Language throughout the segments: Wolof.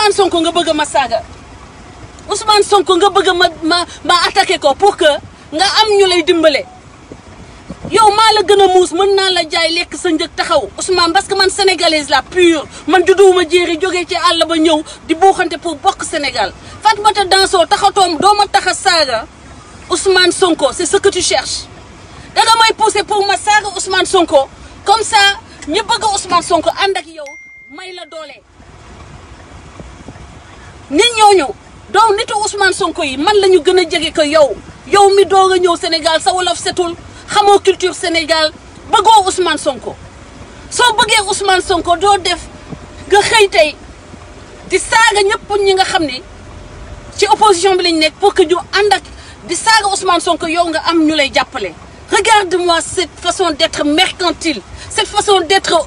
Ousmane Sonko nga bëgg ma saaga Ousmane Sonko nga bëgg ma ma ma attaqué ko pour que nga am ñu lay dimbale yow maa la gën a muus mën naa la jaay lekk sa njëg taxaw Ousmane parce que man sénégalaise la pure man judduwuma jéeri jógee ci àll ba ñëw di buuxante pour bokk Sénégal Fatoumata Danso taxatoom doo ma tax a Sonko c'est ce que tu Sonko comme ça ñu bëgg Ousmane Sonko ànd ak yow may la doole. nit ñooñu doow nitu Ousmane Sonko yi man la ñu gën a jege ko yow yow mi doog a ñëw Sénégal sa wolof setul xamoo culture Sénégal bëggoo Ousmane Sonko soo bëggee Ousmane Sonko doo def nga xëy tey di saaga ñëpp ñi nga xam ne ci opposition bi lañ nekk pour que ñu ànd ak di saaga Ousmane Sonko yow nga am ñu lay jàppale. regarde-moi cette façon d'être mercantile cette façon d'être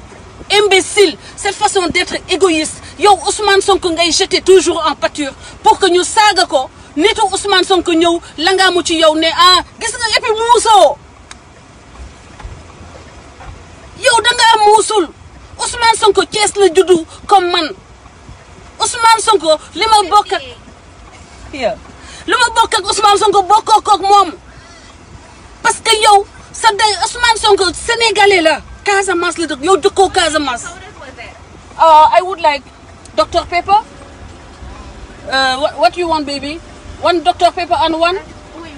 imbécile cette façon d'être égoïste yow Ousmane Sonko ngay jeter toujours en pâture pour que ñu saaga ko nitu Ousmane Sonko ñëw la ci yow ne ah gis nga et muusoo yow da muusul Ousmane Sonko Cees la juddu comme man Ousmane Sonko li ma bokk ak li Sonko bokkoo koog moom parce que yow sa day Ousmane Sonko sénégalais la Casamance la dëkk yow dëkkoo Casamance. Dr Pepper uh, what, what you want baby one Dr Pepper and one wait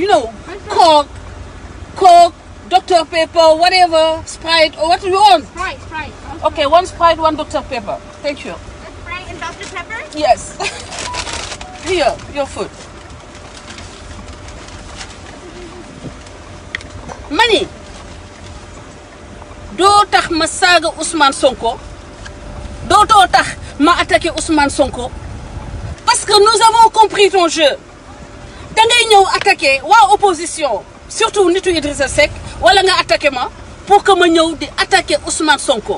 you know Coke Coke Dr whatever Sprite or what you want Sprite one Sprite one Dr Pepper thank you yes here your food mani doo tax ma saaga Ousmane Sonko dootoo tax ma attaqué Ousmane Sonko parce que nous avons compris ton jeu da ngay ñëw attaqué waa opposition surtout nitu Idrissa Seck wala nga attaqué ma pour que ma ñëw di attaqué Ousmane Sonko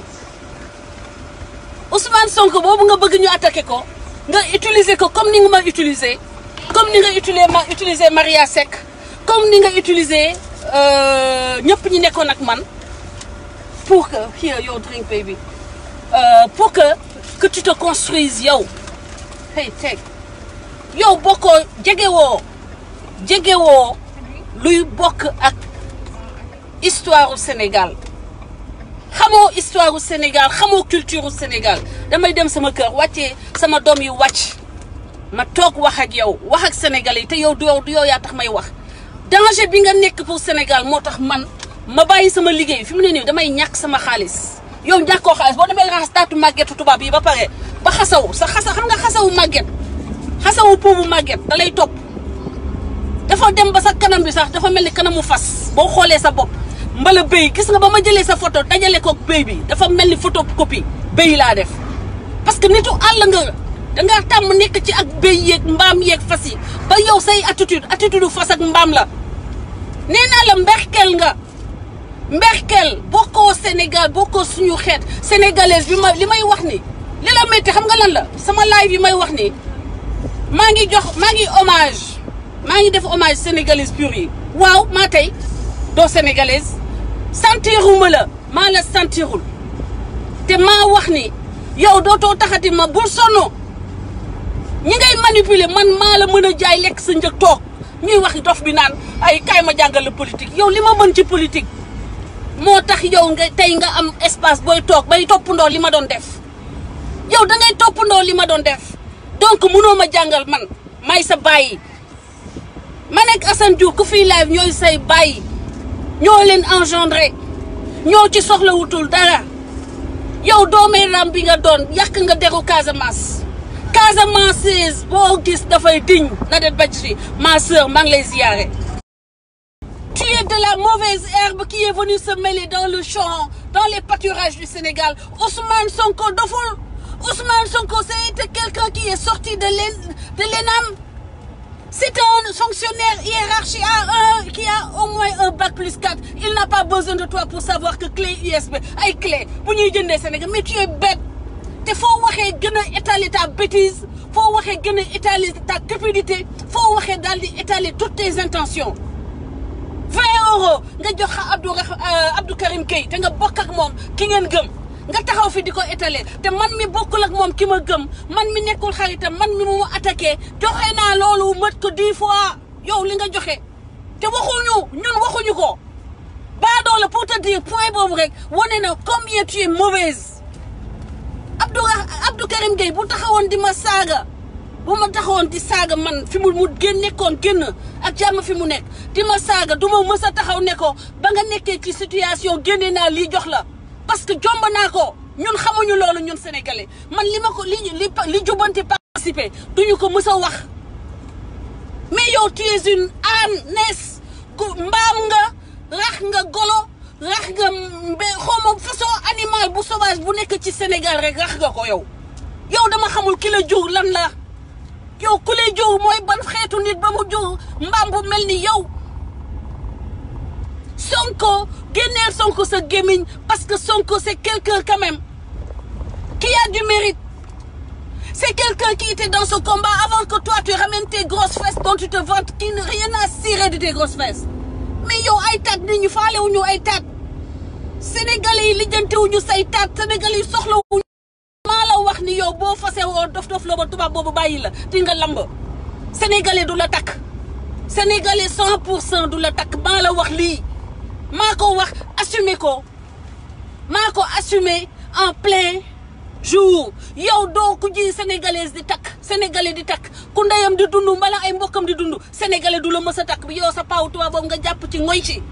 Ousmane Sonko boobu nga bëgg ñu attaqué ko nga utiliser ko comme ni nga ma utiliser comme ni nga utiliser ma utiliser Maria Seck comme ni nga utiliser euh, ñëpp ñi nekkoon ak man pour que here yow drink bi Euh, pour que que tu te construises yow hey teg jege woo jegewoo jegewoo luy bokk ak histoire u Sénégal xamoo histoire u Sénégal xamoo culture u Sénégal damay dem sama kër wàccee sama doom yi wàcc ma toog wax ak yow wax ak Sénégalais yi te yow du yow du yow yaa tax may wax danger bi nga nekk pour Sénégal moo tax man ma bàyyi sama liggéey fi mu ne nii damay ñàkk sama xaalis yow ñàkkoo xaalis boo demee raxas taatu màggetu tubaab yi ba pare ba xasaw sa xasa xam nga xasawu màgget xasawu puubu màgget da lay topp dafa dem ba sa kanam bi sax dafa mel ni kanam mu fas boo xoolee sa bopp mbala béy gis nga ba ma jëlee sa photo dajale koog béy bi dafa mel ni foto photocopie béy laa def parce que nitu àll nga dangaa tàmm nekk ci ak béy yeeg mbaam yeeg fas yi ba yow say attitude attitude fas ak mbaam la nee naa la mberkel Sénégal bokkoo suñu xeet sénégalaise bi ma li may wax ni li la xam nga lan la sama live yi may wax ni maa ngi jox maa ngi hommage maa ngi def hommage sénégalaise pure yi waaw maa tey doo sénégalaise santiruma la maa la santirul te maa wax ni yow dootoo taxati ma bul sonno ñi ngay manipuler man maa la mën a jaay lekk sa njëg toog ñuy wax dof bi naan ay kaay ma jàngal la politique yow li ma mën ci politique moo tax yow nga tey nga am espace booy toog bay toppandoo li ma doon def yow da ngay toppandoo li ma doon def donc mënoo ma jàngal man may sa bàyyi man ak Assane Diouf ku fii live ñooy say bàyyi ñoo leen engendré ñoo ci soxlawutul dara yow doomee ram bi nga doon yàq nga deru Casamance Casamance boo gis dafay diñ na det Badji ma sœur maa ngi lay ziyaare est de la mauvaise herbe qui est venue se mêler dans le champ, dans les pâturages du Sénégal. Ousmane Sonko Doful, Ousmane Sonko, c'est quelqu'un qui est sorti de l'ENAM. C'est un fonctionnaire hiérarchie A1 qui a au moins un bac plus 4. Il n'a pas besoin de toi pour savoir que clé USB, ay clé, pour nous donner Sénégal. Mais tu es bête. te foo waxee gën a étaler ta bêtise foo waxee gën a étaler ta cupidité foo waxee daal di étaler toutes tes intentions wóoroo nga jox xa Abdou euh, Abdou Karim Gueye te nga bokk moom ki ngeen gëm nga taxaw fi di ko étaler te man mi bokkul ak moom ki ma gëm man mi nekkul xaritam man mi mu attaqué joxe naa loolu mët ko dix fois yow li nga joxe te waxuñu ñun waxuñu ko baadoo la pour te dire point boobu rek wane na combien tu es mauvaise Abdou Karim Gueye bu taxawoon di ma saaga. bu ma taxawoon di saaga man fi mu mu génn nekkoon génn ak jàmm fi mu nekk di ma saaga du ma a taxaw nekkoo ko ba nga nekkee ci situation génne naa li jox la parce que jomb naa ko ñun xamuñu loolu ñun sénégalais man li ma ko li li li jubanti participer ko mës wax mais yow tu une âne mbaam nga rax nga golo rax nga mbe xawma animal bu sauvage bu nekk ci Sénégal rek rax nga ko yow yow dama xamul ki la jur lan la yow ku lay jow mooy ban xeetu nit ba mu jow mbaam bu mel ni yow Sonko génneel Sonko sa gémmiñ parce que Sonko c'est quelqu'un quand même qui a du mérite c'est quelqu'un qui était dans ce combat avant que toi tu ramènes tes grosses fesses dont tu te vantes qui n'a rien à cirer mais yow ay taat nit ñu faale ay taat sénégalais yi lijjante say taat sénégalais yi soxla ni yow boo fase woo dof dof la tubaab boobu bàyyi la di nga lamb sénégalais du la takk sénégalais cent pour du la takk maa la wax lii maa ko wax assumer ko maa ko assumer en plein jour yow doo ku ji sénégalaise di takk sénégalais di takk ku ndeyam di dund mbala ay mbokkam di dund sénégalais du la mës a takk bi yow sa paaw tubaab boobu nga jàpp ci ngoy ci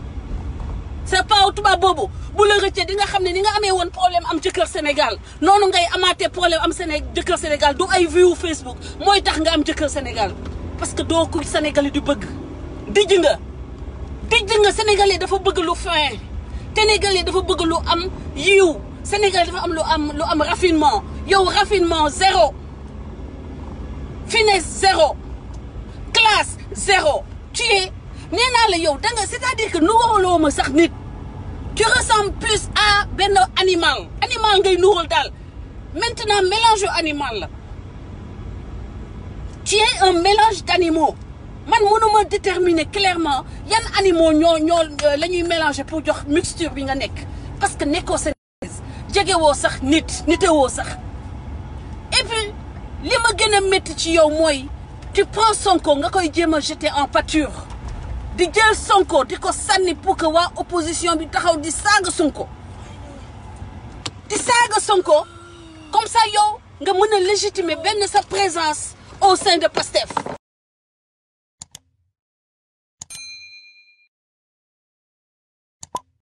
c'est pas tubaab boobu bu la rëccee di nga xam ne ni nga amee woon problème am jëkkër Sénégal noonu ngay amaatee problème am Séné jëkkër Sénégal du ay view Facebook mooy tax nga am jëkkër Sénégal parce que doo ko Sénégal yi di bëgg dijj nga dijj nga Sénégal dafa bëgg lu fin Sénégal dafa bëgg lu am yiw Sénégal dafa am lu am lu am raffinement yow raffinement zéro finesse zéro classe zéro tu nee naa la yow da nga cest dire que nu waraloo ma sax nit ressemble plus à benn animal animal ngay nuróol daal maintenant mélange animal la tu es un mélange d'animaux man mënuma déterminer clairement yan animaux ñoo ñoo euh, la ñuy mélanger pour jox mixture bi nga nekk parce que nekkoo sénégalaise jegewoo sax nit nitewoo sax et puis li ma gën a métti ci yow mooy tu prends Sonko nga koy jéem a jeter en pâture di jël Sonko di ko sànni pour que waa opposition bi taxaw di saaga Sonko di saaga Sonko comme ça yow nga mën a légitimer benn sa présence au sein de PASTEF